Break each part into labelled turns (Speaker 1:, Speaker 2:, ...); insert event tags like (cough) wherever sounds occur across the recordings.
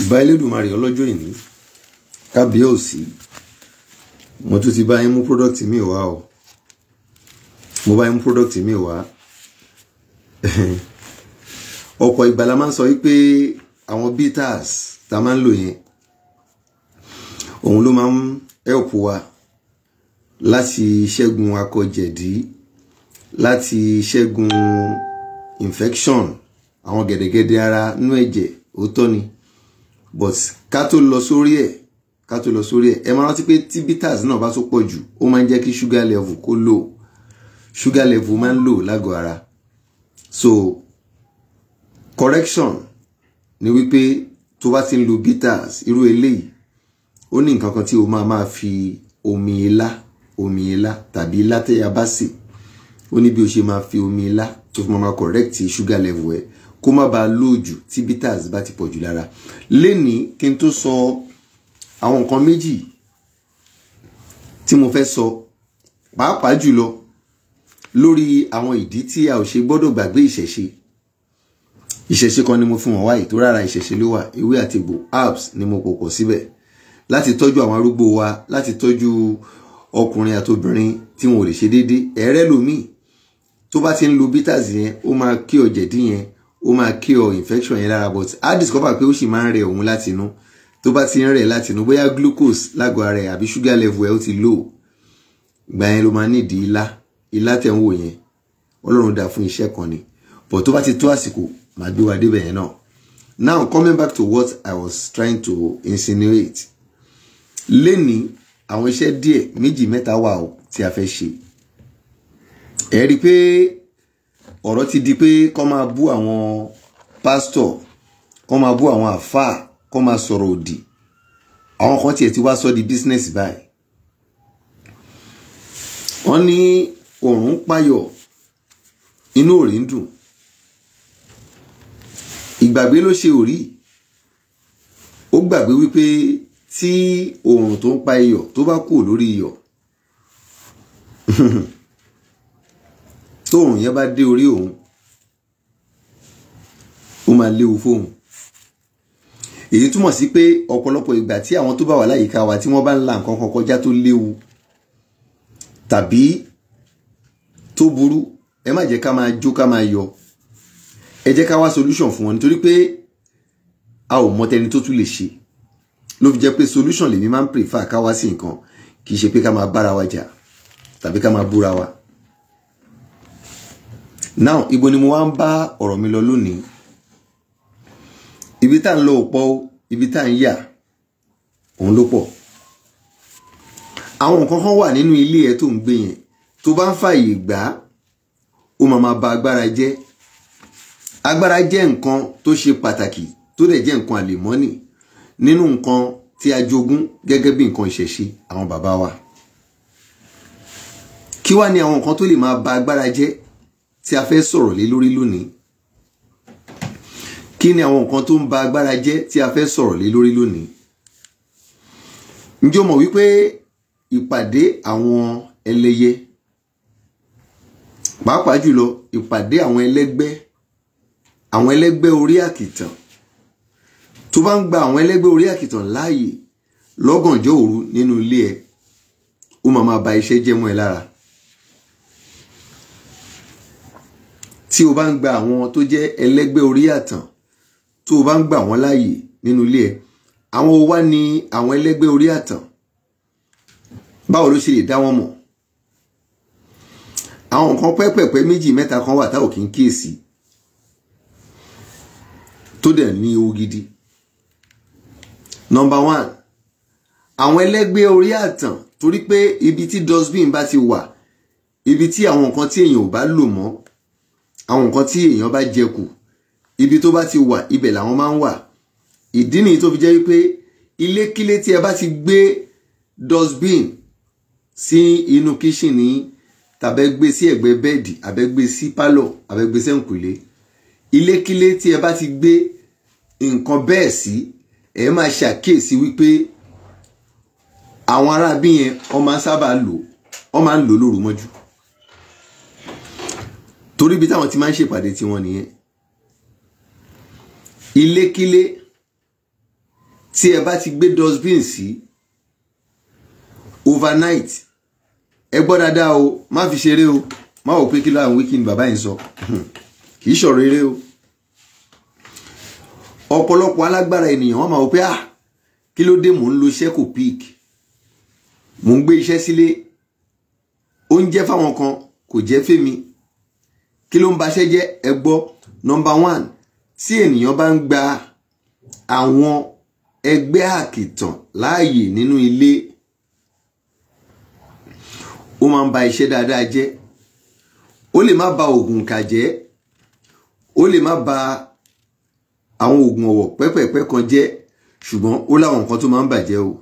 Speaker 1: ìbá Elédùmarè ọlọ́jọ́ ìní kábíyèsí mo tún ti bá yín mú product mi wá o mo bá yín mú product mi wá (laughs) ọ̀pọ̀ ìgbà la máa ń sọ wípé àwọn bitters tá máa ń lò yẹn òun ló máa ń help wa láti ṣẹ́gun akọ̀jẹ̀dí láti ṣẹ́gun infection àwọn gẹ̀dẹ̀gẹ̀dẹ̀ ara nú ẹ̀jẹ̀ òótọ́ ni but ká tó lọ sórí ẹ̀ ká tó lọ sórí ẹ̀ ẹ máa rántí pé tí bitters náà bá tó pọ̀ jù ó máa ń jẹ́ kí sugar level kó low sugar level máa ń low lágọ̀ ara so correction ni wípé tó bá ti ń lo bitters irú eléyìí ó ní nǹkan kan tí o máa máa fi omi ilá omi ilá tàbí ilá tẹ́yà bá sè ó ní bí o ṣe máa fi omi ilá tó fi máa máa correct sugar level ẹ̀ kó má bàa lóòjù tí bitters bá ti pọ̀ jù lára lénìí kí n tó sọ àwọn nǹkan méjì tí mo fẹ́ sọ pàápàá jùlọ lórí àwọn ìdí tí a ò ṣe gbọ́dọ̀ gbàgbé ìṣẹ̀ṣe ìṣẹ̀ṣe kan ni mo fi wọ́n wá ètò rárá ìṣẹ̀ṣe ló wà ewé àti egbò herbs ni mo pòpọ̀ síbẹ̀ láti tọ́jú àwọn arúgbó wa láti tọ́jú ọkùnrin àti obìnrin tí wọn ò lè ṣe déédéé ẹ̀rẹ́ lomi tó bá ti ń lo bitters yẹn ó máa kí ọ̀jẹ̀dí yẹn ó máa cure infection yẹn lára but a discover pé ó sì máa ń rẹ òun láti inú tó bá ti ń rẹ láti inú bóyá glucose lágọ̀ ara ẹ̀ àbí sugar level ẹ̀ ó ti low ìgbà yẹn ló máa nídìí ilá ilá tẹ̀ ń wò yẹn ọlọ́run dá fún iṣẹ́ kan ni but tó bá ti tó àsìkò màá gbé wa débẹ̀ yẹn náà now coming back to what I was trying to insinuate lẹ́ni àwọn iṣẹ́ díẹ̀ méjì mẹ́ta wà ó tí a fẹ́ ṣe ẹ̀ rí i pé ọ̀rọ̀ ti di pé kọ́ máa bú àwọn pásítọ̀ kọ́ máa bú àwọn àfáà kọ́ máa sọ̀rọ̀ òdì àwọn kan tiẹ̀ ti wá sọ di bísínẹ́sì báyìí wọ́n ní òòrùn payọ̀ inú òrí ń dùn ìgbàgbé ló ṣe òrí ó gbàgbé wípé tí òòrùn tó ń pa iyọ̀ tó bá kù lórí iyọ̀ (laughs) tóòrùn yẹn bá dé orí òun ó máa léwu fóun èyí túmọ̀ sí pé ọ̀pọ̀lọpọ̀ ìgbà tí àwọn tó bá wà láyìíká wa tí wọ́n bá ń la nǹkan kan kọjá tó léwu tàbí tó burú ẹ má jẹ́ ká máa jó ká máa yọ ẹ jẹ́ ká wá solution fún wọn nítorí pé a ò mọ tẹni tó tún lè ṣe ló fi jẹ́ pé solution lèmi máa ń prefer ká wá sí nǹkan kì í ṣe pé ká máa bára wa jà tàbí ká máa búra wa now ibo ni mo wá ń bá ọ̀rọ̀ mi lọ lónìí ibi tá à ń lọ òpó ibi tá à ń yà òun ló pọ̀ àwọn nǹkan kan wà nínú ilé ẹ tó ń gbé yẹn tó bá ń fààyè gbà á ó máa máa ba agbára jẹ́ agbára jẹ́ nǹkan tó ṣe pàtàkì tó dẹ̀ jẹ́ nǹkan àlèmọ́nì nínú nǹkan tí a jogún gẹ́gẹ́ bí nǹkan ìṣẹ̀ṣe àwọn bàbá wa kí wá ni àwọn nǹkan tó lè máa ba agbára jẹ́ tí a fẹ́ sọ̀rọ̀ lé lórí lónìí kí ni àwọn nǹkan tó ń ba agbára jẹ́ tí a fẹ́ sọ̀rọ̀ lé lórí lónìí ǹjẹ́ o mọ̀ wípé ìpàdé àwọn ẹlẹ́yẹ pàápàá jùlọ ìpàdé àwọn ẹlẹ́gbẹ́ àwọn ẹlẹ́gbẹ́ orí àkìtàn tó bá ń gba àwọn ẹlẹ́gbẹ́ orí àkìtàn láàyè lọ́gànjọ́ òru nínú ilé ẹ̀ ó máa máa ba iṣẹ́ jẹ́ mọ́ ẹ lára tí o bá ń gba àwọn tó jẹ́ ẹlẹ́gbẹ́ orí àtàn tó o bá ń gbà wọ́n láàyè nínú ilé ẹ̀ àwọn wá ní àwọn ẹlẹ́gbẹ́ orí àtàn báwo ló ṣe lè dá wọn mọ̀ àwọn nǹkan pẹ́pẹ̀pẹ́ méjì mẹ́ta kan wà táwọn kì í kíyèsí tó dẹ̀ ní ewu gidi nọ́mbà one àwọn ẹlẹ́gbẹ́ orí àtàn torí pé ibi tí dustbin bá ti wà ibi tí àwọn nǹkan tí èèyàn ò bá lò mọ́ àwọn nǹkan tí èèyàn bá jẹ kù ibi tó bá ti wà ibẹ̀ làwọn máa ń wà ìdí nìyí tó fi jẹ́ wípé ilékílé tí ẹ bá ti gbé dustbin sí inú kíṣìn ní tàbẹ́ gbé sí ẹ̀gbẹ́ bẹ́ẹ̀dì àbẹ́ gbé sí pálọ̀ àbẹ́ gbé sẹ́ǹkùlé ilékílé tí ẹ bá ti gbé nǹkan bẹ́ẹ̀ sí ẹ máa ṣàkíyèsí wípé àwọn aráabí yẹn sábà lò wọ́n máa ń lò lóru torí ibi táwọn ti máa ń ṣèpàdé tiwọn nìyẹn ilékílé tí ẹ bá ti gbé dustbin sí overnight ẹ gbọ́ dáadáa o má fi ṣeré o má wò pé kí ló àwọn wíkì ni bàbá yìí sọ hmm. kì í ṣọ̀rọ̀ eré o ọ̀pọ̀lọpọ̀ alágbára ènìyàn wọ́n máa wò pé à ah, kí ló dé mò ń lo iṣẹ́ kò mò ń gbé iṣẹ́ sílé oúnjẹ fáwọn kan kò jẹ́ fèmi kí ló ń baṣẹ́ jẹ́ ẹ gbọ́ number one tí ènìyàn bá ń gba àwọn ẹgbẹ́ àkìtàn láàyè nínú ilé ó máa ń ba iṣẹ́ dáadáa jẹ́ ó lè má ba oògùn kà jẹ́ ó lè má ba àwọn oògùn ọ̀wọ̀ pẹ́pẹ̀pẹ́ kan jẹ́ ṣùgbọ́n ó láwọn nǹkan tó máa ń bàjẹ́ o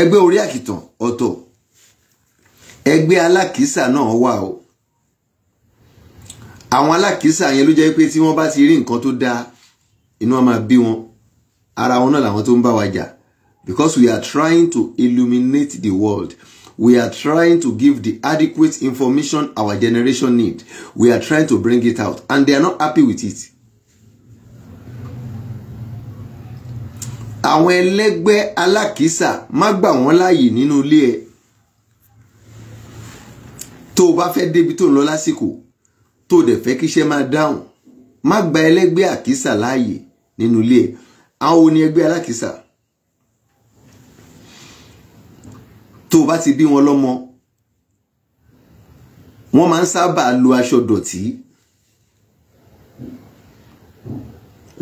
Speaker 1: ẹgbẹ́ orí àkìtàn ọ̀tọ̀ ẹgbẹ́ alákìísà náà wà o àwọn alákìísà yẹn ló jẹ́ pé tí wọ́n bá ti rí nǹkan tó dáa inú wọn máa bí wọn ara wọn náà làwọn tó ń bá wa jà because we are trying to illuminate the world we are trying to give the adequate information our generation need we are trying to bring it out and they are not happy with it. àwọn ẹlẹgbẹ́ alákìísà má gbà wọ́n láàyè nínú ilé ẹ̀ tó o bá fẹ́ débi tó ń lọ lásìkò tó o dẹ̀ fẹ́ kíṣẹ́ máa dáhùn má gba ẹlẹ́gbẹ́ àkísà láàyè nínú ilé àwọn oní ẹgbẹ́ alákìsà tó o bá ti bí wọn lọ́mọ wọ́n máa ń sábà lo aṣọ dọ̀tí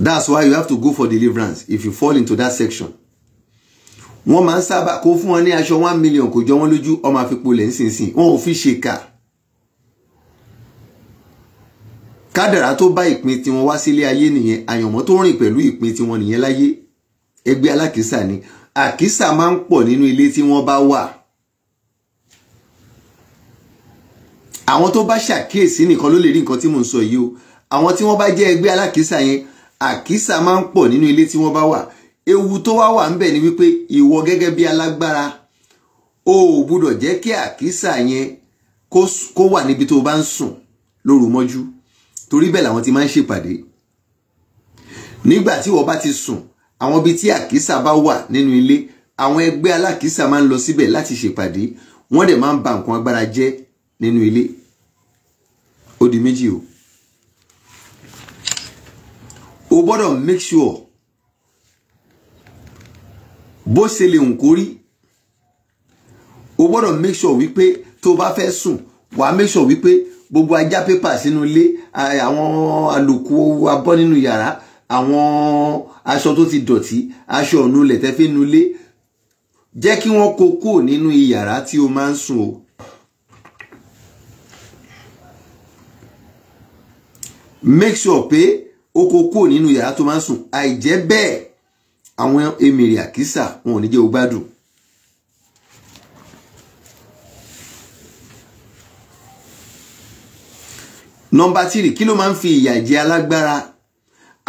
Speaker 1: that's why you have to go for deliverance if you fall into that section wọ́n máa ń sábà kó fún wọn ní aṣọ one million kò jọ wọ́n lójú ọmọ àfipò lẹ̀ ńsìnsìn wọn ò fi ṣe kà kádàrá tó bá ìpín tiwọn wá sílé ayé nìyẹn àyànmọ́ tó rìn pẹ̀lú ìpín tiwọn nìyẹn láyé ẹgbẹ́ alákìísà ni àkísà máa ń pọ̀ nínú ilé tí wọ́n bá wà. àwọn tó bá ṣàkíyèsí nìkan ló lè rí nǹkan tí mò ń sọ yìí o àwọn tí wọ́n bá jẹ́ ẹgbẹ́ alákìísà yẹn àkísà máa ń pọ̀ nínú ilé tí wọ́n bá wà ewu tó wá wà ńbẹ̀ ni wípé ìwọ gẹ́gẹ́ bí alágbára o ò gbúdọ̀ jẹ́ kí àkísà yẹn kó wà níbi tó bá ń sùn lóru mọ́jú torí bẹ́ẹ̀ làwọn ti máa ń ṣèpàdé nígbà tí ìwọ bá ti sùn àwọn ibi tí àkísà bá wà nínú ilé àwọn ẹgbẹ́ alákìísà máa ń lọ síbẹ̀ láti ṣèpàdé wọ́n dẹ̀ máa ń ba nǹkan agbára jẹ́ nínú ilé ó di méjì o o gbọ́dọ̀ make sure bó ṣe lè hùn kó rí o gbọ́dọ̀ make sure wípé tó o bá fẹ́ sùn wàá make sure wípé gbogbo ajá pépà sínú ilé eh, àwọn àlòkù abọ́ nínú yàrá àwọn aṣọ tó ti dọ̀tí aṣọ ọ̀nù lẹ̀tẹ́fẹ́ nínú ilé jẹ́ kí wọ́n kó kúrò nínú iyàrá tí o máa ń sùn o. make sure pé o kó kúrò nínú iyàrá tó máa ń sùn àìjẹ́ bẹ́ẹ̀ àwọn emèrè àkísà wọn ò ní jẹ́ o gbádùn. nọ́mbà tírì kí ló máa ń fi ìyà jẹ alágbára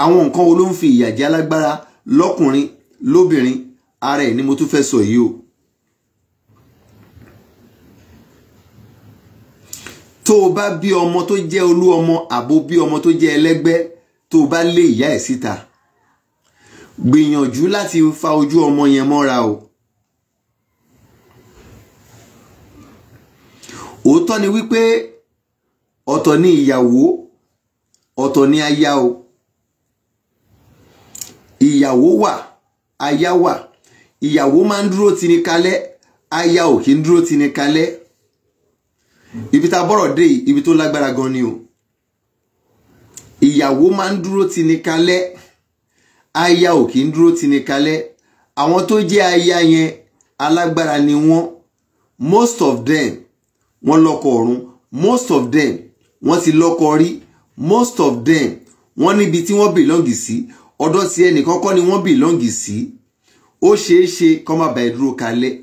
Speaker 1: àwọn nǹkan wo ló ń fi ìyà jẹ alágbára lọ́kùnrin lóbìnrin ara ẹ̀ ni mo tún fẹ́ sọ yìí o. tó o bá bí ọmọ tó jẹ́ olú ọmọ àbó bí ọmọ tó jẹ́ ẹlẹ́gbẹ́ tó o bá lé ìyá ẹ̀ síta gbìyànjú láti fa ojú ọmọ yẹn mọ́ra o. òótọ́ ni wípé ọ̀tọ̀ ni ìyàwó ọ̀tọ̀ ni aya o ìyàwó wà aya wà ìyàwó máa ń dúró tini kalẹ̀ aya ò kì í dúró tini kalẹ̀ ibi tá a bọ̀rọ̀ dé ibi tó lágbára gan ni o ìyàwó máa ń dúró tini kalẹ̀ aya ò kì í dúró tini kalẹ̀ àwọn tó jẹ́ aya yẹn alágbára ni wọ́n most of them wọ́n lọ́kọ ọ̀run most of them wọ́n ti lọ́kọ rí most of them wọ́n níbi tí wọ́n bìlọ́ǹgì sí ọ̀dọ̀ tí ẹnìkan kọ́ ni wọ́n bìlọ́ǹgì sí ó ṣeé ṣe kó má bàa dúró kalẹ̀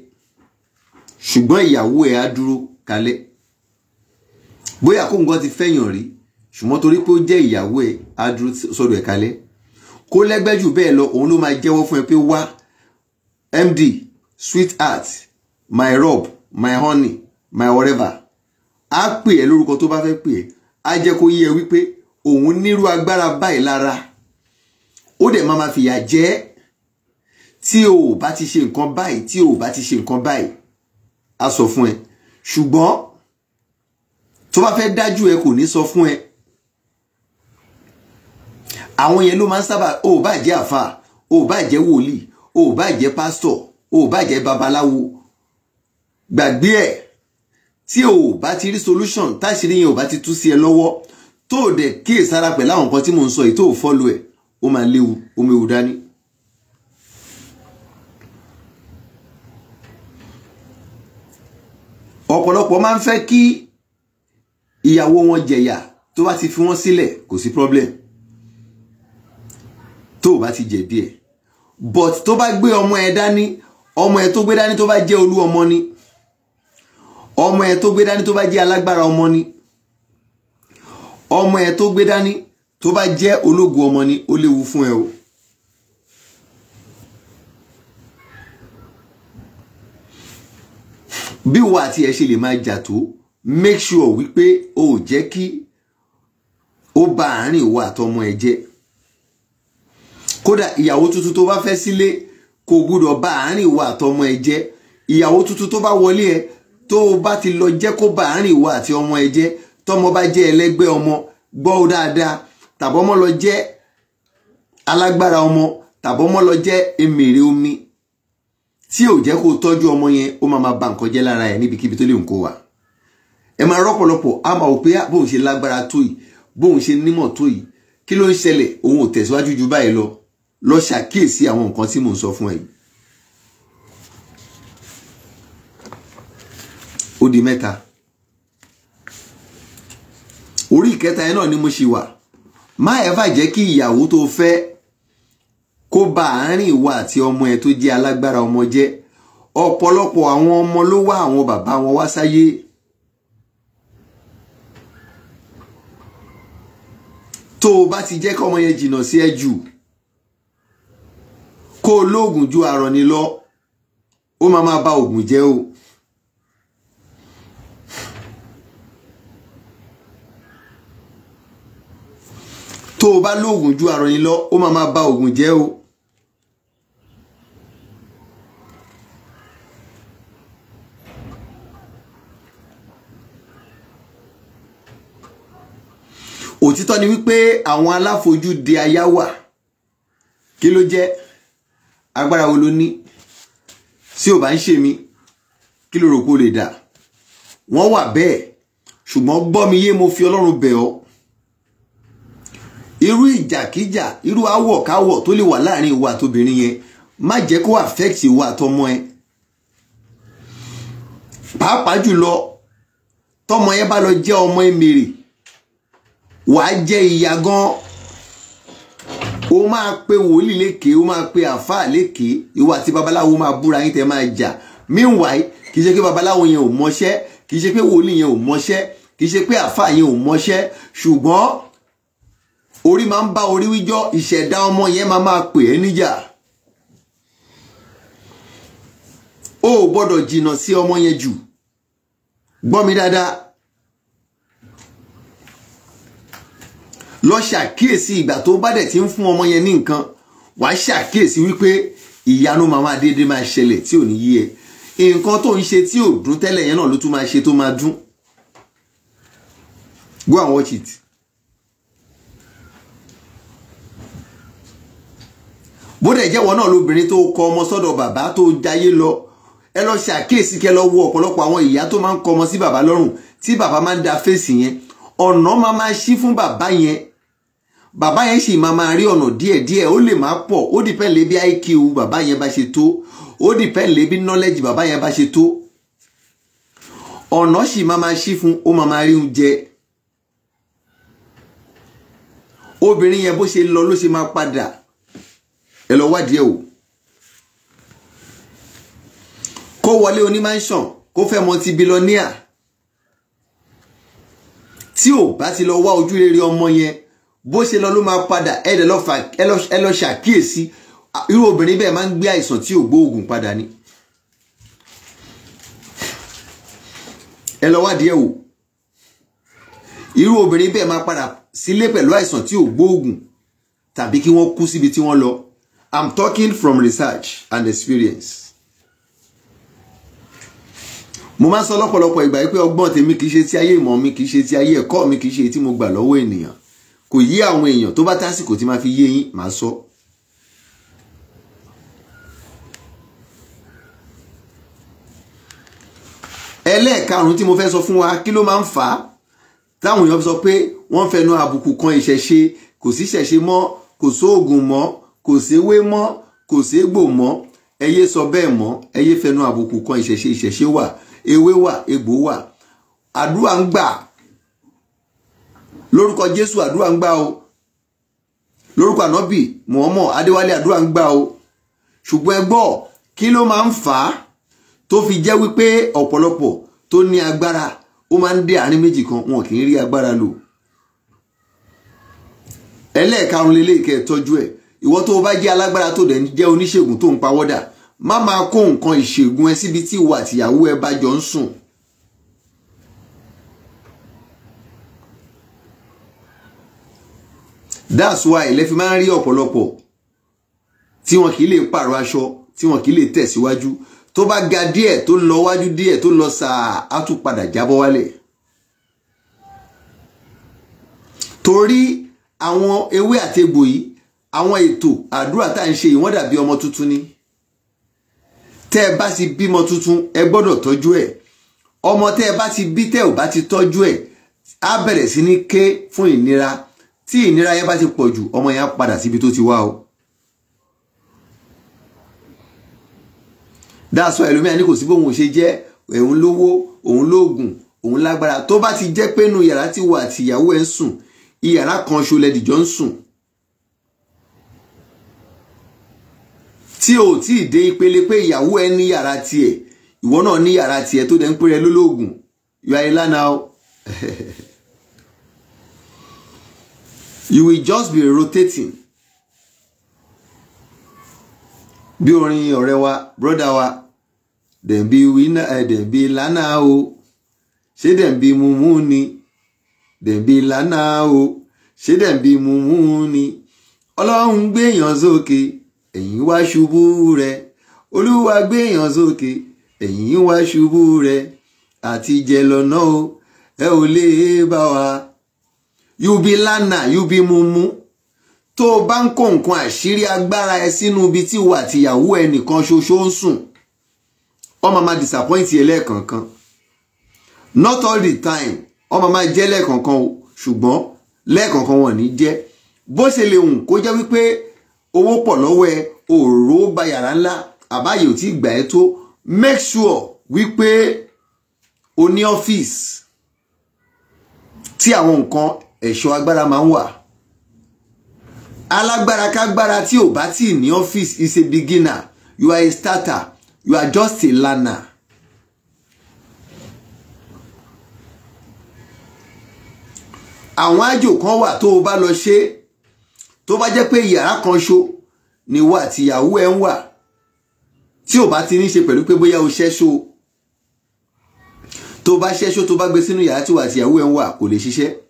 Speaker 1: ṣùgbọ́n ìyàwó ẹ̀ á dúró kalẹ̀ bóyá kó ti fẹ́yàn rí ṣùgbọ́n torí pé ó jẹ́ ìyàwó ẹ̀ á dúró sọ́dọ̀ ẹ̀ kalẹ̀ kó lẹ́gbẹ́ jù bẹ́ẹ̀ lọ òun ló máa jẹ́wọ́ fún ẹ pé wá md sweetheart my Rob my honey my whatever á pè ẹ́ lórúkọ tó bá fẹ́ pè ẹ́ á jẹ́ kó yé ẹ wípé òun nírú agbára báyìí lára ó dẹ̀ máa ma fìyà jẹ ẹ́ tí o ò bá ti ṣe nǹkan báyìí tí o bá ti ṣe nǹkan báyìí á sọ fún ẹ ṣùgbọ́n tó bá fẹ́ dájú ẹ kò ní sọ fún ẹ àwọn yẹn ló máa ń sábà ò bá jẹ́ àfà ò bá jẹ́ wòlíì ò bá jẹ́ pásítọ̀ ò bá jẹ́ babaláwo gbàgbé ẹ̀ tí ò bá ti rí solution táṣìírí yẹn ò bá ti tú sí ẹ lọ́wọ́ tó o dẹ̀ kíyèsára pẹ̀lú àwọn nǹkan tí mò ń sọ yìí tó o fọ́lù ẹ̀ ó máa léwu ó méwu dání. ọ̀pọ̀lọpọ̀ máa ń fẹ́ kí ìyàwó wọn jẹ̀yà tó bá ti fi wọ́n sílẹ̀ kò sí problem tó o bá ti jẹ̀bi ẹ̀ but tó bá gbé ọmọ ẹ dání ọmọ ẹ tó gbé dání tó bá jẹ́ olú ọmọ ni ọmọ ẹ tó gbé dání tó bá jẹ́ alágbára ọmọ ni ọmọ ẹ tó gbé dání tó bá jẹ́ ológun ọmọ ni ó léwu fún ẹ o. bí wo àti ẹ ṣe lè máa jà tó make sure wípé o ò jẹ́ kí ó ba àárín ìwọ àtọmọ ẹ jẹ́ kódà ìyàwó tuntun tó bá fẹ́ sílé kò gbúdọ̀ bá àárín ìwà àtọmọ ẹ jẹ́ ìyàwó tuntun tó bá wọlé ẹ tó o bá ti lọ jẹ́ kó bá àárín ìwà àti ọmọ ẹ jẹ́ tọmọ bá jẹ́ ẹlẹ́gbẹ́ ọmọ gbọ́ ọ dáadáa tàbọ́mọ lọ jẹ́ alágbára ọmọ tàbọ́mọ lọ jẹ́ emèrè omi tí ò jẹ́ kó tọ́jú ọmọ yẹn ó máa máa ba nǹkan jẹ́ lára ẹ̀ níbikíbi tó lè ń kó wa ẹ máa rọ́pọ̀lọpọ̀ á máa wò pé bóun ṣe lágbára tó yìí bóun ṣe nímọ̀ tó yìí kí ló ń ṣẹlẹ̀ òun ò tẹ̀síwájú ju báyìí lọ lọ ṣàkíyèsí àwọn nǹkan tí mò ń sọ fún ẹ yìí. ó di mẹ́ta orí ìkẹta yẹn náà ni mo ṣì wà má ẹ̀fà jẹ́ kí ìyàwó tó fẹ́ kó ba àárín ìwà àti ọmọ ẹ tó jẹ́ alágbára ọmọ jẹ́ ọ̀pọ̀lọpọ̀ àwọn ọmọ ló wá àwọn bàbá wọn wá sáyé tó o bá ti jẹ́ kọ́mọ yẹn jìnnà sí ẹ jù kó o lóògùn ju àrọ̀ ni lọ ó máa máa ba oògùn jẹ́ o. tó o bá lóògùn ju àrọ̀ ni lọ ó máa máa ba oògùn jẹ́ o. òtítọ́ ni wípé àwọn aláfojú di ayáwà kí ló jẹ́ agbára wo ló ní tí ò bá ń ṣe mí kí ló rò pé ó lè dà wọ́n wà bẹ́ẹ̀ ṣùgbọ́n gbọ́ mi yé mo fi ọlọ́run bẹ̀ ọ́ irú ìjàkíjà irú awọ̀káwọ̀ tó lè wà láàrin ìwà àtobìnrin yẹn má jẹ́ kó affect ìwà àtọmọ ẹ pàápàá jùlọ tọmọ yẹn bá lọ jẹ́ ọmọ ẹ wàá jẹ ìyà gan-an o máa pe wòlíì lékè o máa pe àáfàá lékè ìwọ àti babaláwo máa búra yín tẹ́ máa jà meanwhile kì í ṣe pé babaláwo yẹn ò mọṣẹ́ kì í ṣe pé wòlíì yẹn ò mọṣẹ́ kì í ṣe pé àáfàá yẹn ò mọṣẹ́ ṣùgbọ́n orí máa ń bá orí wíjọ́ ìṣẹ̀dá ọmọ yẹn máa máa pè é níjà o ò gbọ́dọ̀ jìnnà sí ọmọ yẹn jù gbọ́ mi dáadáa lọ ṣàkíyèsí ìgbà tó bá dẹ̀ ti ń fún ọmọ yẹn ní nǹkan wà á ṣàkíyèsí wípé ìyanu màmá déédéé máa ṣẹlẹ̀ tí ò ní yí ẹ nǹkan tó ń ṣe tí ò dún tẹ́lẹ̀ yẹn náà ló tún máa ṣe tó máa dún go and watch it. bódà ìjẹ́wọ́ náà lóbìnrin tó kọ ọmọ sọ́dọ̀ bàbá tó jayé lọ ẹ lọ ṣàkíyèsí kẹ lọ wo ọ̀pọ̀lọpọ̀ àwọn ìyá tó máa ń kọ ọmọ sí bàbá lọ́rùn tí bàbá máa ń da fèsì yẹn ọ̀nà máa máa ṣí fún bàbá yẹn bàbá yẹn sì máa máa rí ọ̀nà díẹ̀díẹ̀ ó lè má pọ̀ ó dìpẹ́ lé bí IQ bàbá yẹn bá ṣe tó ó dìpẹ́ lé bí knowledge bàbá yẹn bá ṣe tó ọ̀nà sì máa máa ṣí fún ó máa máa rí oúnjẹ obìnrin yẹn bó ṣe lọ ló ṣe máa padà ẹ lọ wádìí ẹ o kó wọlé onímọ̀ọ́sàn kó fẹ́ mọtì bílọ́níà tí ò bá ti lọ wá ojúrere ọmọ yẹn bó ṣe lọ ló máa padà ẹ lè irú obìnrin bẹ́ẹ̀ máa ń gbé àìsàn tí ò gbóògùn padà ni. ẹ lọ wò irú obìnrin bẹ́ẹ̀ máa padà sílé pẹ̀lú àìsàn tí ò gbóògùn tàbí kí wọ́n kú síbi tí wọ́n lọ I'm talking from research and experience. mo máa ń sọ lọ́pọ̀lọpọ̀ ìgbà yìí pé ọgbọ́n tèmi kì í ṣe ti ayé ìmọ̀ mi kì í ṣe ti ayé ẹ̀kọ́ mi kì í ṣe tí mo gbà lọ́wọ́ ènìyàn kò yé àwọn èèyàn tó bá tásìkò tí máa fi yé yín máa sọ. ẹlẹ́ẹ̀karùn-ún tí mo fẹ́ sọ fún wa kí ló máa ń fà á táwọn èèyàn sọ pé wọ́n fẹnu àbùkù kan ìṣẹ̀ṣe kò sí ṣẹ̀ṣe mọ́ kò sóògùn mọ́ kò séwé mọ́ kò ségbò mọ́ ẹ sọ bẹ́ẹ̀ mọ́ ẹ fẹnu àbùkù kan ìṣẹ̀ṣe ìṣẹ̀ṣe wà ewé wà egbò wà àdúrà ń gbà lórúkọ jésù àdúrà ń gbà o lórúkọ ànábì mọ̀ọ́mọ̀ adéwálé àdúrà ń gbà o ṣùgbọ́n ẹ gbọ́ kí ló máa ń fà á tó fi jẹ́ wípé ọ̀pọ̀lọpọ̀ tó ní agbára ó máa ń dé àárín méjì kan wọn kì í rí agbára lò ẹlẹ́ẹ̀karùn lélẹ́yìí tọ́jú ẹ̀ ìwọ tó o bá jẹ́ alágbára tó dẹ̀ jẹ́ oníṣègùn tó ń pawọ́dà má máa kó nǹkan ìṣègùn ẹ síbi tí ìwọ àtìyàwó ẹ bá jọ ń sùn that's why ilẹ̀ fi máa ń rí ọ̀pọ̀lọpọ̀ tí wọn kì í lè pààrọ̀ aṣọ tí wọn kì í lè tẹ̀síwájú tó bá ga díẹ̀ tó lọ wájú díẹ̀ tó lọ sàá á tún padà jábọ́ wálẹ̀ torí àwọn ewé àtegbò yìí àwọn ètò àdúrà tá à ń ṣe yìí wọ́n dàbí ọmọ tuntun ni tẹ́ ẹ bá ti bímọ tuntun ẹ gbọ́dọ̀ tọ́jú ẹ̀ ọmọ tẹ́ ẹ bá ti bí tẹ́ ò bá ti tọ́jú ẹ̀ á bẹ̀rẹ̀ sí ní ké fún ìnira tí ìnira yẹn bá ti pọ̀ jù ọmọ yẹn á padà síbi tó ti wá o. dáàsọ ẹlòmíràn ní kò sí bóun ṣe jẹ́ òun lówó òun lóògùn òun lágbára tó bá ti jẹ́ pé nu yàrá ti wà àti ìyàwó ẹ̀ ń sùn ìyàrá kan ṣolẹ̀ dìjọ́ ń sùn. tí o tí ì dé ìpele pé ìyàwó ẹ ní yàrá tiẹ̀ ìwọ náà ní yàrá tiẹ̀ tó dẹ̀ ń pèrè lólóògùn yọ ayé lánàá o. (laughs) you will just be rotating bí orin ọ̀rẹ́ wa broda wa dẹ̀bi wina dẹ̀bi lana o ṣé dẹ̀bi mumu ni dẹ̀bi lana o ṣé dẹ̀bi mumu ni ọlọ́run gbéyàn sókè ẹ̀yin wá ṣubú rẹ̀ olúwa gbéyàn sókè ẹ̀yin wá ṣubú rẹ̀ àti jẹ lọ́nà o ẹ ò lè bá wa you be lana you be mumu tó o bá ń kó nǹkan àṣírí agbára ẹ sínú ibi tí ìwà àtìyàwó ẹ ṣoṣo ń sùn ọmọ máa disappoint ẹ lẹ́ẹ̀kọ̀ọ̀kan not all the time ọmọ máa jẹ́ lẹ́ẹ̀kọ̀ọ̀kan o ṣùgbọ́n lẹ́ẹ̀kọ̀ọ̀kan wọn ní jẹ́ bó ṣe lè hùn kó jẹ́ wípé owó pọ̀ lọ́wọ́ ẹ òòró ba yàrá ńlá àbáyé ò tí gbà ẹ́ tó make sure wípé o ní ọ́fíìsì tí àwọn nǹkan ẹ̀ṣọ́ agbára máa ń wà alágbára kágbára tí ò bá tí ní ọ́fíìsì is a beginner you are a starter you are just a learner. àwọn àjò kan wà tó o bá lọ ṣe tó bá jẹ́ pé yàrá kan ṣo ni wà tí ìyàwó ẹ̀ ń wà tí ò bá ti ní ṣe pẹ̀lú pé bóyá o ṣẹ́ṣo tó bá ṣẹ́ṣo tó bá gbé sínú yàrá tí wà tí ìyàwó ẹ̀ ń wà kò lè ṣiṣẹ́.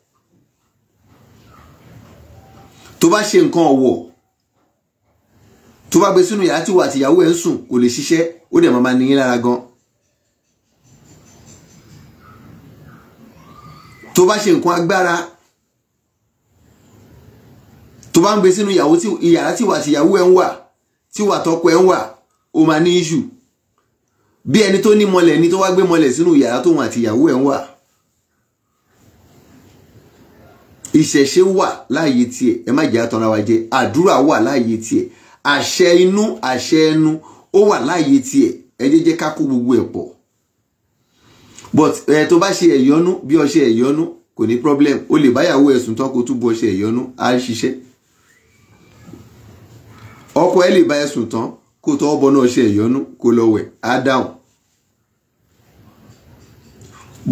Speaker 1: tó bá ṣe nǹkan ọ̀wọ̀ tó bá gbé sínú yàrá tí wà àtìyàwó ẹ̀ ń sùn kò lè ṣiṣẹ́ ó dẹ̀ máa níyín lára gan. tó bá ṣe nǹkan agbára tó bá ń gbé sínú yàrá tí wà àtìyàwó ẹ̀ ń wà tí wà tọkọ ẹ̀ ń wà ó máa ní iṣu bí ẹni tó ní mọlẹ̀ ni tó wá gbé mọlẹ̀ sínú yàrá tóun àtìyàwó ẹ̀ ń wà. ìṣẹ̀ṣe wà láàyè tiẹ̀ ẹ má jẹ́ àtọ́ra wa jẹ àdúrà wà láàyè tiẹ̀ àṣẹ inú àṣẹ ẹnu ó wà láàyè tiẹ̀ ẹ jẹ́ jẹ́ ká kó gbogbo ẹ̀ pọ̀ but ẹ tó bá ṣe ẹ̀yọ́nú bí ọṣẹ ẹ̀yọ́nú kò ní problem o lè báyàwó ẹ̀sùn tán kó tún bu ọṣẹ ẹ̀yọ́nú á ṣiṣẹ́ ọkọ ẹ lè bá ẹ̀sùn tán kó tọwọ́ bọ náà ṣe ẹ̀yọ́nú kó lọ wẹ̀ á dáhùn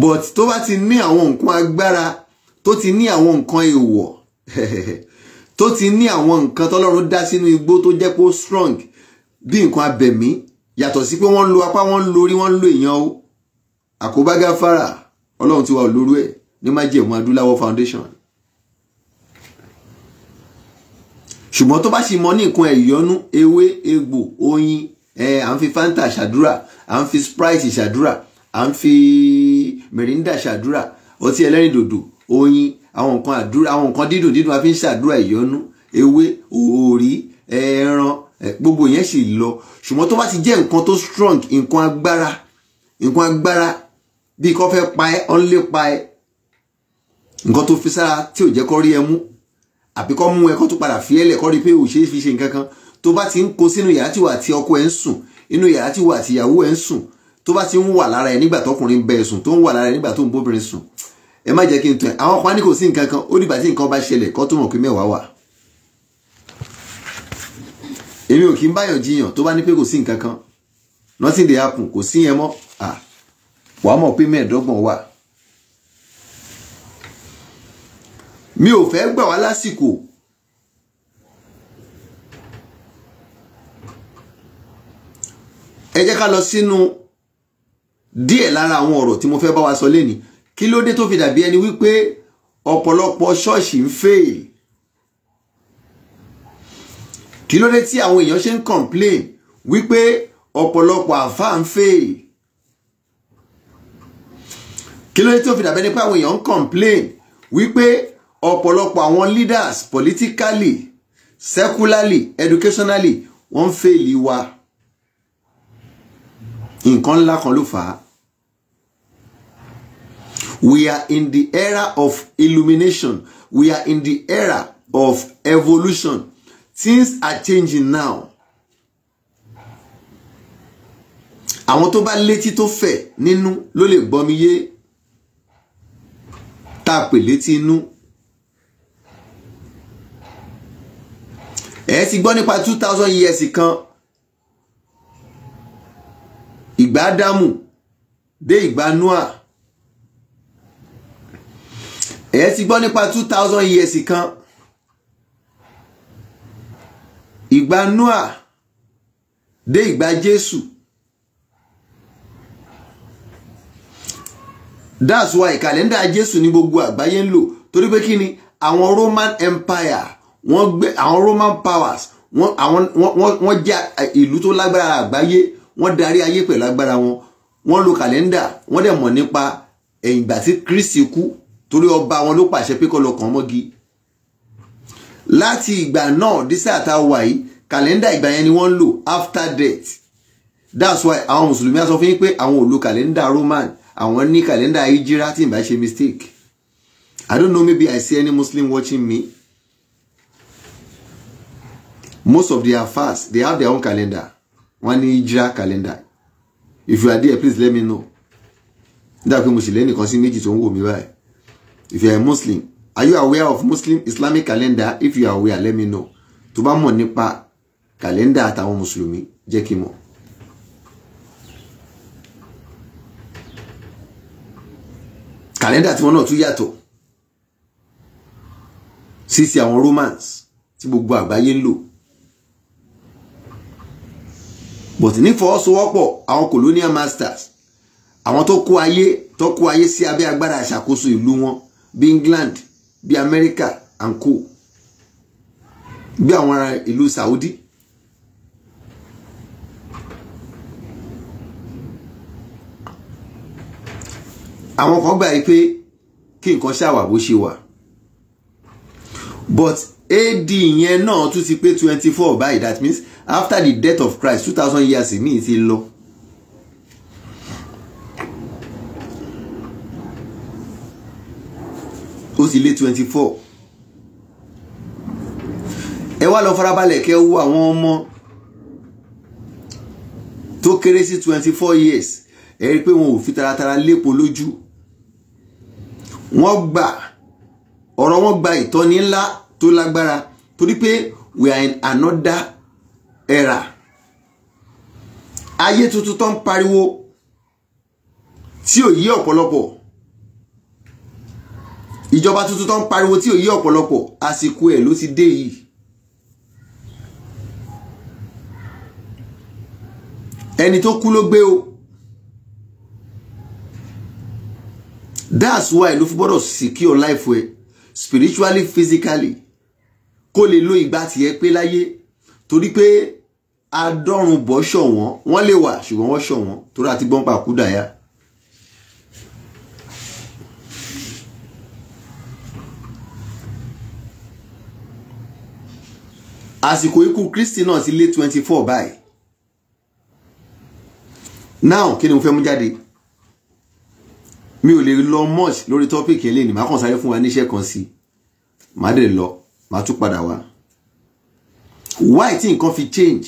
Speaker 1: but tó bá ti ní àwọn nǹkan agbára tó ti ní àwọn nǹkan èèwọ̀ (laughs) tó ti ní àwọn nǹkan tọ́lọ́run dá sínú igbó tó jẹ́ pé strong bí nǹkan abẹ̀mí yàtọ̀ sí pé wọ́n ń lo apá wọ́n ń lo orí wọ́n ń lo èèyàn o àkóbá gáfárà ọlọ́run ti wà olóró ẹ̀ ní májèmú adúláwọ̀ foundation. ṣùgbọ́n tó bá sì mọ ní nǹkan ẹ̀yọ́nú ewé egbò oyin ẹ̀ à ń fi fanta ṣàdúrà à ń fi sprite ṣàdúrà à ń fi mirinda ṣàdúrà ọtí ẹlẹ́rìndòdò oyin àwọn nǹkan àdúrà àwọn nǹkan dídùn dídùn a fi ń ṣàdúrà ìyọnu ewé òòrí ẹran gbogbo yẹn sì lọ ṣùgbọ́n tó bá ti jẹ́ nǹkan tó strong nǹkan agbára nǹkan agbára bíi kọ́ fẹ́ pa ẹ́ ọ́n lè pa ẹ́ nǹkan tó fi sára tí ò jẹ́ kó rí ẹ mú àbí kó mú ẹ kó tó padà fi ẹ́ lẹ̀ kó rí pé ò ṣeé fi ṣe nǹkan kan tó bá ti ń kó sínú yàrá tí wà àti ọkọ ẹ̀ ń sùn inú yàrá tí wà àti ìyàwó ẹ̀ ń sùn tó bá ti ń wà lára ẹ nígbà tọkùnrin bẹ sùn tó ń wà lára ẹ nígbà tó ń bóbìnrin sùn ẹ má jẹ́ kí n tún ẹ àwọn kan ní kò sí nǹkan kan ó dìgbà tí nǹkan bá ṣẹlẹ̀ kó tó mọ̀ pé mẹ́wàá wà. èmi ò kí ń báyọ̀ jiyàn tó bá ní pé kò sí nǹkan kan nothing dey happen kò sí yẹn mọ́ à wàá mọ̀ pé mẹ́ẹ̀ẹ́dọ́gbọ̀n wà. mi ò fẹ́ gbà wá lásìkò ẹ jẹ́ ká lọ sínú díẹ̀ lára àwọn ọ̀rọ̀ tí mo fẹ́ bá wa sọ lénìí kí ló dé tó fi dàbí ẹni wípé ọ̀pọ̀lọpọ̀ ṣọ́ọ̀ṣì ń fail kí ló dé tí àwọn èèyàn ṣe ń complain wípé ọ̀pọ̀lọpọ̀ àfáà ń fail kí ló dé tó fi dàbí ẹni pé àwọn èèyàn ń complain wípé ọ̀pọ̀lọpọ̀ àwọn leaders politically secularly educationally wọ́n ń fail wa nǹkan ńlá kan ló fà á We are in the era of illumination. We are in the era of evolution. Things are changing now. Àwọn tó bá létí tó fẹ̀ nínú ló lè gbọ́mi yé tá a pè létí inú. Ẹ ti gbọ́ nípa two thousand years kan ìgbà Ádámù dé ìgbà Noah ẹ ti gbọ́ nípa two thousand years kan ìgbà Noah dé ìgbà Jésù that's why kàlẹ́ndà Jésù ní gbogbo àgbáyé ń lò torí pé kí ni àwọn Roman Empire wọ́n gbé àwọn Roman powers wọ́n àwọn wọ́n wọ́n jẹ́ ìlú tó lágbára àgbáyé wọ́n darí ayé pẹ̀lú agbára wọn wọ́n lo kàlẹ́ndà wọ́n dẹ̀ mọ̀ nípa ẹ̀yìngbà tí Kristi kú torí ọba wọn ló pàṣẹ pé kó lọ kàn mọ́gi láti ìgbà náà dísẹ́ àtàwà yìí kàlẹ́ndà ìgbà yẹn ni wọ́n ń lò after death that's why àwọn mùsùlùmí á sọ fún yín pé àwọn ò lo kàlẹ́ndà roman àwọn ní kàlẹ́ndà hijira tí n bá ṣe mistake i don't know maybe i see any muslim watching me most of their fast they have their own calendar wọ́n ní hijira calendar if you are there please let me know dáa pé mo sì lẹ́nìkan sí méjì tó ń wò mí báyìí if you are a muslim are you aware of muslim islamic calendar if you are aware let me know tó bá mọ̀ nípa kàlẹ́ndà àtàwọn mùsùlùmí jẹ́ kí n mọ̀. kàlẹ́ndà tiwọn náà tún yàtọ̀ sísí àwọn romans tí gbogbo àgbáyé ń lò but nífọwọ́sowọ́pọ̀ àwọn colonial masters àwọn tó kó ayé tó kó ayé sí abẹ́ agbára àṣàkóso ìlú wọn bí England bí America and co bí àwọn ará ìlú Saudi àwọn kan gbà yí pé kí nǹkan ṣàwà bó ṣe wà but AD yẹn náà tún ti pé twenty four báyìí that means after the death of Christ two thousand years ní ìti lọ. ó sì lé twenty four ẹ wá lọ farabalẹ̀ kẹ́ wo àwọn ọmọ tó kéré sí twenty four years ẹ rí i pé wọn ò fi taratara lépo lójú wọ́n gbà ọ̀rọ̀ wọn gba ìtọ́ni ńlá tó lágbára torí pé we are in another era ayé tuntun tó ń pariwo tí ò yí ọ̀pọ̀lọpọ̀ ìjọba tuntun tó ń pariwo tí ò ọ̀pọ̀lọpọ̀ àsìkò ẹ̀ ló ti dé yìí ẹni tó kú ló gbé o that's why ló fi gbọ́dọ̀ secure life ẹ spiritually physically kó lè lo ìgbà tiẹ̀ pé láyé torí pé adọ́run bọ́ ṣọ̀wọ́n wọ́n lè wà ṣùgbọ́n wọ́n ṣọ̀wọ́n torí àti gbọ́npa kú dàyà. àsìkò ikú Kristi náà ti lé twenty four báyìí now kí ni mo fẹ́ mú jáde mi ò lè lọ much lórí tọ́pìkì eléyìí ni màá kàn sáré fún wa níṣẹ́ kan sí màá dẹ̀ lọ màá tún padà wá why tí nǹkan fi change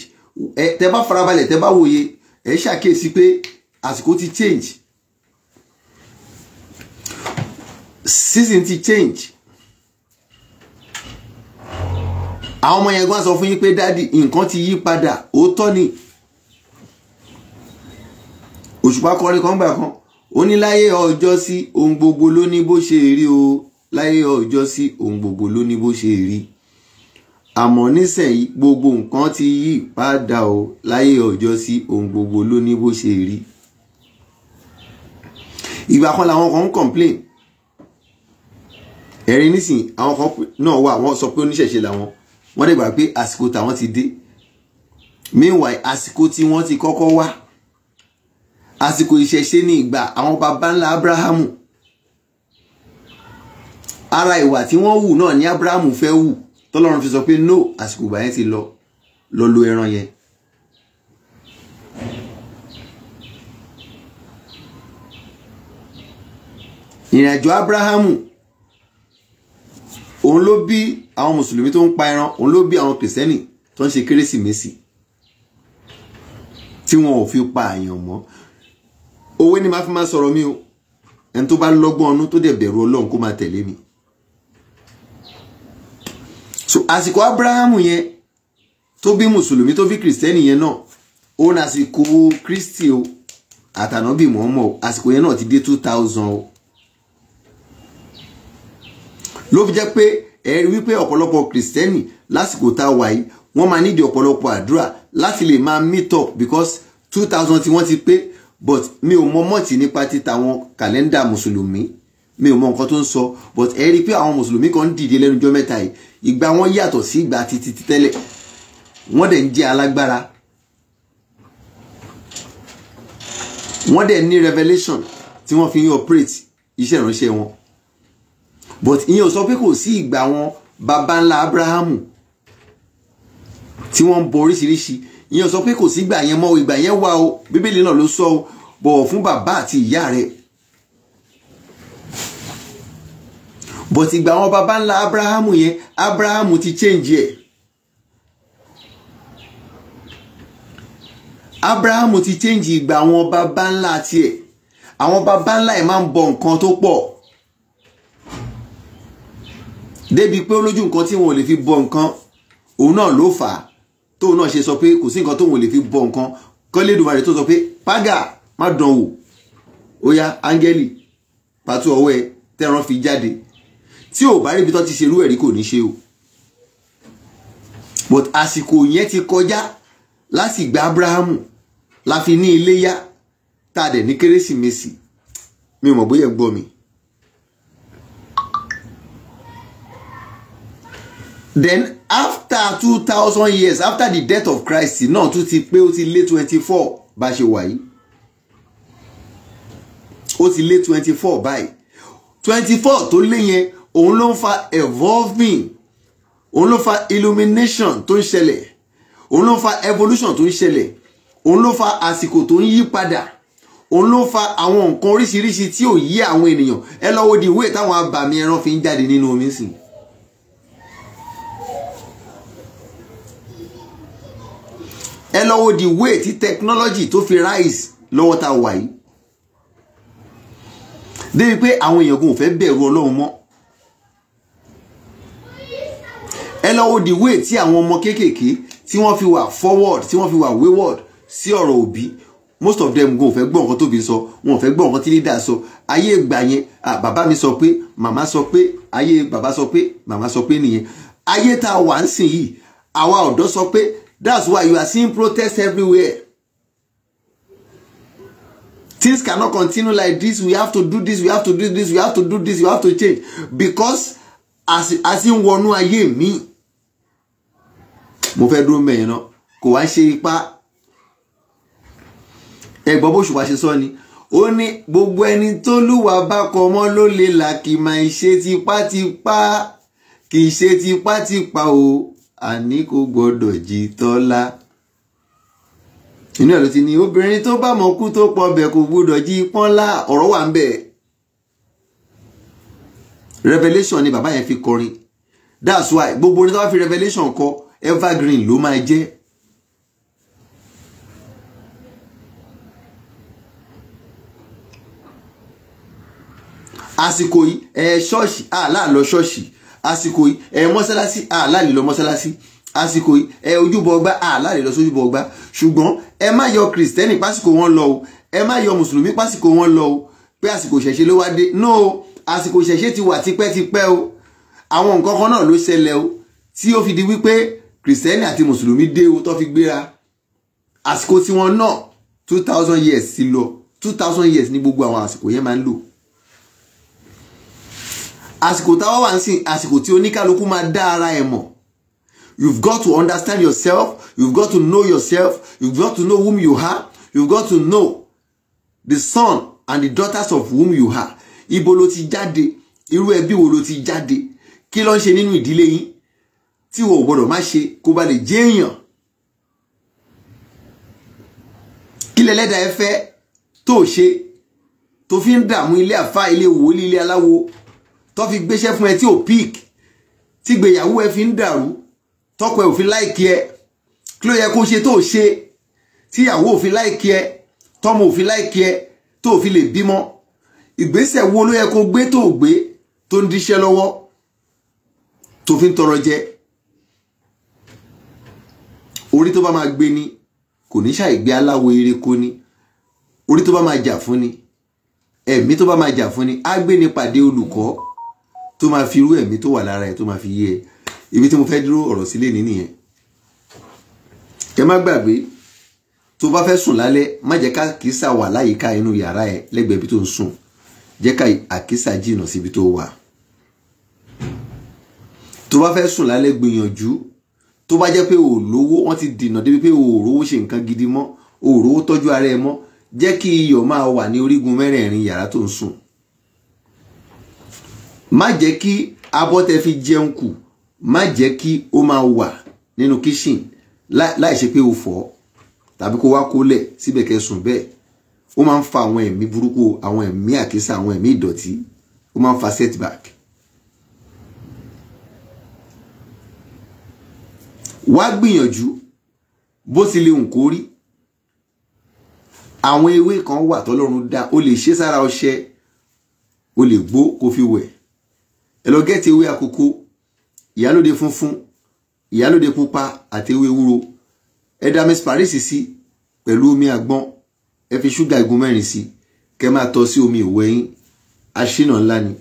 Speaker 1: ẹ tẹ bá farabalẹ̀ tẹ bá wòye ẹ ṣàkíyèsí pé àsìkò ti change season ti change àwọn ọmọ yẹn gan sọ fún yín pé dádì nǹkan ti yí padà òótọ́ ni òṣùpá kọrin kan gbà kan ó ní láyé ọjọ́ sí ohun gbogbo ló ní bó ṣe rí o láyé ọjọ́ sí ohun gbogbo ló ní bó ṣe rí àmọ́ nísẹ̀yí gbogbo nǹkan ti yí padà o láyé ọjọ́ sí ohun gbogbo ló ní bó ṣe rí ìgbà kan làwọn kan ń complain ẹ̀rín nísìn àwọn kan náà wà wọ́n sọ pé oníṣẹ̀ṣe làwọn wọ́n dẹ̀ gbà pé àsìkò tàwọn ti dé meanwhile àsìkò tí wọ́n ti kọ́kọ́ wá àsìkò ìṣẹ̀ṣe ní ìgbà àwọn baba ńlá abrahamu ara ìwà tí wọ́n wù náà ni abrahamu fẹ́ wù tọ́lọ́run fi sọ pé no àsìkò ìgbà yẹn ti lọ lọ lo ẹran yẹn. ìrìnàjò abrahamu òun ló bí àwọn mùsùlùmí tó ń pa ẹran òun ló bí àwọn kìrìsìtẹ́nì tó ń ṣe kérésìmesì tí wọn ò fi pa àyàn mọ́ òwe ni màá fi máa sọ̀rọ̀ mi o ẹni tó bá lọ́gbọ́n ọdún tó dẹ̀ bẹ̀rù ọlọ́run kó máa tẹ̀lé mi so àsìkò abrahamu yẹn tó bí mùsùlùmí tó bí kìrìsìtẹ́nì yẹn náà òun àsìkò kristi o àtànábì mọ́ọ́mọ́ o àsìkò yẹn náà ti dé two thousand o ló fi jẹ́ pé ẹ rí wípé ọ̀pọ̀lọpọ̀ kìrìsìtẹ́nì lásìkò tá a wà yìí wọ́n máa nídìí ọ̀pọ̀lọpọ̀ àdúrà láti lè máa meet up because two thousand tí wọ́n ti pé but mi ò mọ mọ́ọ̀tì nípa títa àwọn kàlẹ́ndà mùsùlùmí mi ò mọ nǹkan tó ń sọ but ẹ rí i pé àwọn mùsùlùmí kan ń dìde lẹ́nu ọjọ́ mẹ́ta yìí ìgbà wọn yàtọ̀ sí ìgbà títí tẹ́lẹ̀ wọ́n dẹ̀ ń jẹ́ alágbára wọ́n dẹ̀ ní revelation tí wọ́n fi ń operate iṣẹ́ ìránṣẹ́ wọn but ìyẹn ò sọ pé kò sí ìgbà wọn baba ńlá abrahamu tí wọ́n ń bọ oríṣiríṣi ìyẹn ò sọ pé kò sí ìgbà yẹn mọ́ ìgbà yẹn wà o bíbélì náà ló sọ o bọ̀wọ̀ fún bàbá àti ìyá rẹ̀ but ìgbà wọn baba ńlá abrahamu yẹn abrahamu ti change ẹ̀ abrahamu ti change ìgbà wọn baba ńlá tiẹ̀ àwọn baba ńlá ẹ̀ máa ń bọ nǹkan tó pọ̀ débi pé olójú nǹkan tí wọn ò lè fi bọ nǹkan òun náà ló fà á tóun náà ṣe sọ pé kò sí nǹkan tóun ò lè fi bọ nǹkan kọ́lédùmarè tó sọ pé págà má dán wò ó yá áńgẹ́lì pàtó ọwọ́ ẹ tẹ́ran fi jáde tí ò bá ríbi tó ti ṣerú ẹ̀rí kò ní ṣe o but àsìkò yẹn ti kọjá láti gba Abrahamu la ní iléyá tá a dẹ̀ ní kérésìmesì mi ò mọ̀ bóyá gbọ́ mi. then after two thousand years after the death of Christ náà tún ti pé ó ti lé twenty four bá ṣe wà yìí ó ti lé twenty four báyìí twenty four tó lé yẹn òun ló ń fa evolving òun ló fa illumination tó ń ṣẹlẹ̀ òun ló fa evolution tó ń ṣẹlẹ̀ òun ló fa àsìkò tó ń yí padà òun ló fa àwọn nǹkan oríṣiríṣi tí ò yí àwọn ènìyàn ẹ lọ wo the way táwọn abàmì ẹran fi ń jáde nínú omi sìn. ẹ lọ wo the way tí technology tó fi rise lọ́wọ́ tá a wà yìí débi pé àwọn èèyàn kò fẹ́ bẹ̀rù ọlọ́run mọ́ ẹ lọ wo the way tí àwọn ọmọ kéékèèké tí wọ́n fi wà forward tí wọ́n fi wà wayward sí ọ̀rọ̀ òbí most of them go fẹ́ gbọ́ nǹkan tóbi sọ wọn ò fẹ́ gbọ́ nǹkan tí leader sọ ayé ìgbà yẹn bàbá mi sọ pé màmá sọ pé ayé bàbá sọ pé màmá sọ pé nìyẹn ayé tá wà ń sìn yìí àwa ọ̀dọ́ sọ pé That's why you are seeing protests everywhere. Things cannot continue like this. We have to do this. We have to do this. We have to do this. You have to change. Because as as in wọnú ayé mi. Mo fẹ́ dúró mẹ́yìn náà. Kò wá ṣe ipá. Ẹ̀gbọ́n bó ṣùgbọ́n ṣe sọ ni. Ó ní gbogbo ẹni tó lùwà bá kọ mọ́ ló lè là kì máa ṣe tipátipá kì í ṣe tipátipá o àní kò gbọdọ̀ jí tọ́lá inú ẹ̀ ló ti ní obìnrin tó bá mọ kú tó pọ̀ bẹ̀ kò gbọdọ̀ jí pọ́nlá ọ̀rọ̀ wà ń bẹ̀ revelation ni bàbá yẹn fi kọrin that's why gbogbo orin tó bá fi revelation kọ evergreen ló máa jẹ́ àsìkò yìí ẹ ṣọ́ọ̀ṣì àlá lọ ṣọ́ọ̀ṣì àsìkò yìí ẹ mọ́sálásí àlàlè lọ mọ́sálásí àsìkò yìí ẹ ojúbọ ọgbà àlàlè lọ sójúbọ ọgbà ṣùgbọ́n ẹ má yọ kìrìsìtẹ́nì pásìkò wọn lọ o ẹ má yọ mùsùlùmí pásìkò wọn lọ o pé àsìkò ìṣẹ̀ṣe ló wá dé no àsìkò ìṣẹ̀ṣe ti wà tipẹ́tipẹ́ o àwọn nǹkan kan náà ló ṣẹlẹ̀ o tí ó fi di wípé kìrìsìtẹ́nì àti mùsùlùmí dé o tó fi gbéra àsìkò tiwọn náà two thousand years ti lọ two thousand years ni gbogbo àwọn àsìkò yẹn máa ń lò àsìkò táwa wà ń sìn àsìkò tí oníkálukú máa dá ara ẹ̀ mọ̀ you've got to understand yourself You got to know yourself You got to know whom you are You got to know the son and the daughters of whom you are ibo ló ti jáde irú ẹbí wo ló ti jáde kí ló ń ṣe nínú ìdílé yín tí wọn ò gbọdọ̀ má ṣe kó ba lè jẹ́ èèyàn kí lẹ́lẹ́dàá ẹ fẹ́ tó ṣe tó fi ń dààmú ilé àfa ilé wòlíì ilé aláwo tó fi gbéṣẹ́ fún ẹ tí ò pík tí gbéyàwó ẹ fi ń dàrú tọkọ ẹ ò fi láìkí ẹ kí ló yẹ kó ṣe tó ṣe tíyàwó ò fi láìkí ẹ tọmọ ò fi láìkí ẹ tó fi lè bímọ ìgbésẹ̀ wo ló yẹ kó gbé tó gbé tó ń díṣẹ́ lọ́wọ́ tó fi ń tọrọ jẹ orí tó bá máa gbé ni kò ní ṣàìgbé aláwo eréko ni orí tó bá máa jà fún ni ẹ̀mí tó bá máa jà fún ni á gbé ni pàdé olùkọ́ tó máa fi irú ẹ̀mí tó wà lára ẹ̀ tó máa fi yé ẹ ibi tí mo fẹ́ dúró ọ̀rọ̀ sílé ní nìyẹn ẹ má gbàgbé tó bá fẹ́ sùn lálẹ́ má jẹ́ ká kìsà wà láyìíká inú yàrá ẹ lẹ́gbẹ̀ẹ́ ibi tó ń sùn jẹ́ ká àkísà jìnnà síbi tó wà tó bá fẹ́ sùn lálẹ́ gbìyànjú tó bá jẹ́ pé ò lówó wọ́n ti dènà débi pé ò rówó ṣe nǹkan gidi mọ́ ò rówó tọ́jú ara ẹ mọ́ jẹ́ kí iyọ̀ máa wà ní orígun mẹ́rẹ̀ẹ̀rin yàrá tó ń sùn má jẹ́ kí abọ́ tẹ fi jẹun kù má jẹ́ kí ó máa wà nínú kíṣìn láì ṣe pé o fọ̀ tàbí kó wá kólẹ̀ síbẹ̀ kẹsùn bẹ́ẹ̀ ó máa ń fa àwọn ẹ̀mí burúkú àwọn ẹ̀mí àkísà àwọn ẹ̀mí ìdọ̀tí ó máa ń fa setback. wá gbìyànjú bó ti lè hùn kó rí àwọn ewé kan wà tọ́lọ́run dá o lè ṣe sára ọṣẹ o lè gbó kó fi wẹ̀ ẹ lọ gẹ́ẹ̀tì ewé àkókò ìyálóde funfun ìyálóde pupa àti ewé ewúro ẹ dà mẹ́sìpárìsì sí pẹ̀lú omi àgbọn ẹ fi ṣúgà igun mẹ́rin sí kẹ́ máa tọ́ sí omi ìwẹ̀ yín aṣínà ńlá ni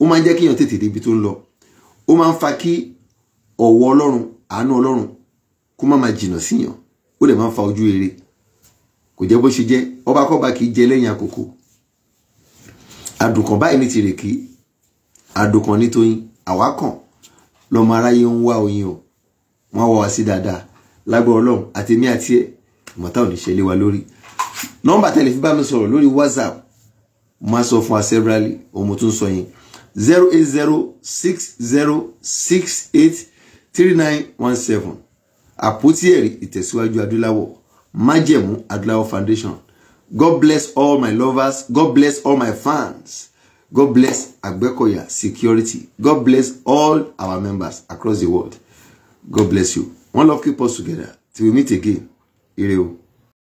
Speaker 1: ó máa ń jẹ́ kíyàn tètè débi tó ń lọ ó máa ń fa kí ọ̀wọ̀ ọlọ́run àánú ọlọ́run kó má máa jìnnà síyàn ó lè máa ń fa ojú rere kò jẹ́ bó ṣe jẹ́ ọbakọ́ba kì í jẹ lẹ́yìn àkókò àdùnkàn báyìí ní tirẹ̀ kìí àdùkàn ní Tóyìn àwa kàn lọ́mọ aráyé ń wá oyin o wọ́n wá wa sí dáadáa lágbó ọlọ́run àti èmi àti ẹ̀ mọ̀tá ò ní ṣe lé wa lórí nọ́mbà tẹ̀lé fi bá mi sọ̀rọ̀ lórí WhatsApp máa sọ fún wa severally ohun tún sọ yẹn zero eight zero six zero six eight three nine one seven àpótí ẹ̀rí ìtẹ̀síwájú adúláwọ̀ májẹ̀mú adúláwọ̀ foundation God bless all my lovers God bless all my fans. God bless Agbekoya Security. God bless all our members across the world. God bless you. One love keep us together till we meet again. Ire